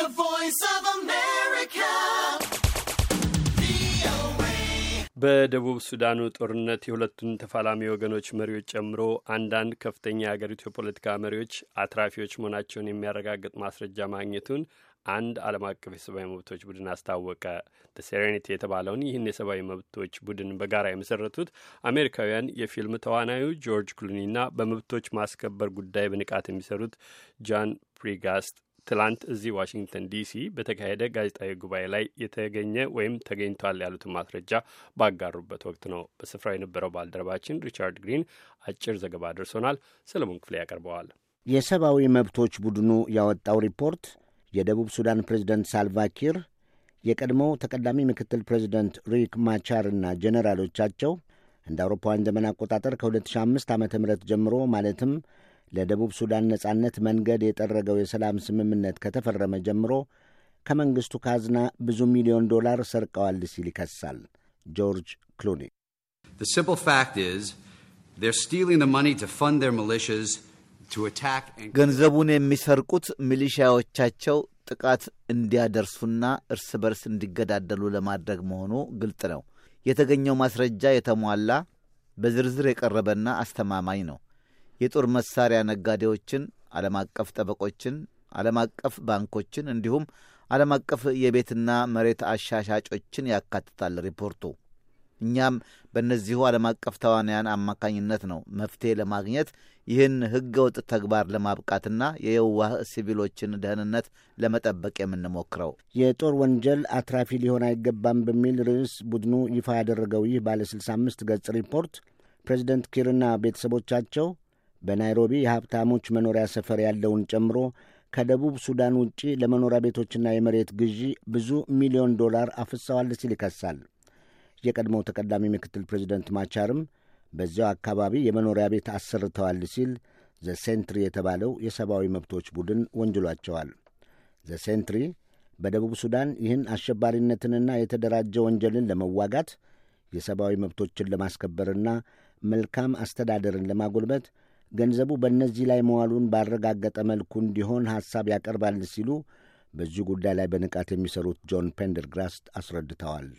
The Voice of America. በደቡብ ሱዳኑ ጦርነት የሁለቱን ተፋላሚ ወገኖች መሪዎች ጨምሮ አንዳንድ ከፍተኛ የአገሪቱ የፖለቲካ መሪዎች አትራፊዎች መሆናቸውን የሚያረጋግጥ ማስረጃ ማግኘቱን አንድ ዓለም አቀፍ የሰብአዊ መብቶች ቡድን አስታወቀ። ተሴሬኒቲ የተባለውን ይህን የሰብአዊ መብቶች ቡድን በጋራ የመሰረቱት አሜሪካውያን የፊልም ተዋናዩ ጆርጅ ክሉኒ በመብቶች ማስከበር ጉዳይ በንቃት የሚሰሩት ጃን ፕሪጋስት ትላንት እዚህ ዋሽንግተን ዲሲ በተካሄደ ጋዜጣዊ ጉባኤ ላይ የተገኘ ወይም ተገኝቷል ያሉትን ማስረጃ ባጋሩበት ወቅት ነው። በስፍራው የነበረው ባልደረባችን ሪቻርድ ግሪን አጭር ዘገባ ደርሶናል። ሰለሞን ክፍሌ ያቀርበዋል። የሰብአዊ መብቶች ቡድኑ ያወጣው ሪፖርት የደቡብ ሱዳን ፕሬዚደንት ሳልቫኪር የቀድሞው ተቀዳሚ ምክትል ፕሬዚደንት ሪክ ማቻርና ጄኔራሎቻቸው እንደ አውሮፓውያን ዘመን አቆጣጠር ከ2005 ዓ ም ጀምሮ ማለትም ለደቡብ ሱዳን ነጻነት መንገድ የጠረገው የሰላም ስምምነት ከተፈረመ ጀምሮ ከመንግሥቱ ካዝና ብዙ ሚሊዮን ዶላር ሰርቀዋል ሲል ይከሳል። ጆርጅ ክሉኒ ገንዘቡን የሚሰርቁት ሚሊሻዎቻቸው ጥቃት እንዲያደርሱና እርስ በርስ እንዲገዳደሉ ለማድረግ መሆኑ ግልጥ ነው። የተገኘው ማስረጃ የተሟላ በዝርዝር የቀረበና አስተማማኝ ነው። የጦር መሳሪያ ነጋዴዎችን፣ ዓለም አቀፍ ጠበቆችን፣ ዓለም አቀፍ ባንኮችን እንዲሁም ዓለም አቀፍ የቤትና መሬት አሻሻጮችን ያካትታል ሪፖርቱ። እኛም በእነዚሁ ዓለም አቀፍ ተዋንያን አማካኝነት ነው መፍትሄ ለማግኘት ይህን ወጥ ተግባር ለማብቃትና የየዋህ ሲቪሎችን ደህንነት ለመጠበቅ የምንሞክረው። የጦር ወንጀል አትራፊ ሊሆን አይገባም በሚል ርዕስ ቡድኑ ይፋ ያደረገው ይህ ባለ 65 ገጽ ሪፖርት ፕሬዚደንት ኪርና ቤተሰቦቻቸው በናይሮቢ የሀብታሞች መኖሪያ ሰፈር ያለውን ጨምሮ ከደቡብ ሱዳን ውጪ ለመኖሪያ ቤቶችና የመሬት ግዢ ብዙ ሚሊዮን ዶላር አፍሰዋል ሲል ይከሳል። የቀድሞው ተቀዳሚ ምክትል ፕሬዚደንት ማቻርም በዚያው አካባቢ የመኖሪያ ቤት አሰርተዋል ሲል ሴንትሪ የተባለው የሰብአዊ መብቶች ቡድን ወንጅሏቸዋል። ሴንትሪ በደቡብ ሱዳን ይህን አሸባሪነትንና የተደራጀ ወንጀልን ለመዋጋት የሰብአዊ መብቶችን ለማስከበርና መልካም አስተዳደርን ለማጎልበት ገንዘቡ በእነዚህ ላይ መዋሉን ባረጋገጠ መልኩ እንዲሆን ሐሳብ ያቀርባል ሲሉ በዚሁ ጉዳይ ላይ በንቃት የሚሰሩት ጆን ፔንደርግራስት አስረድተዋል።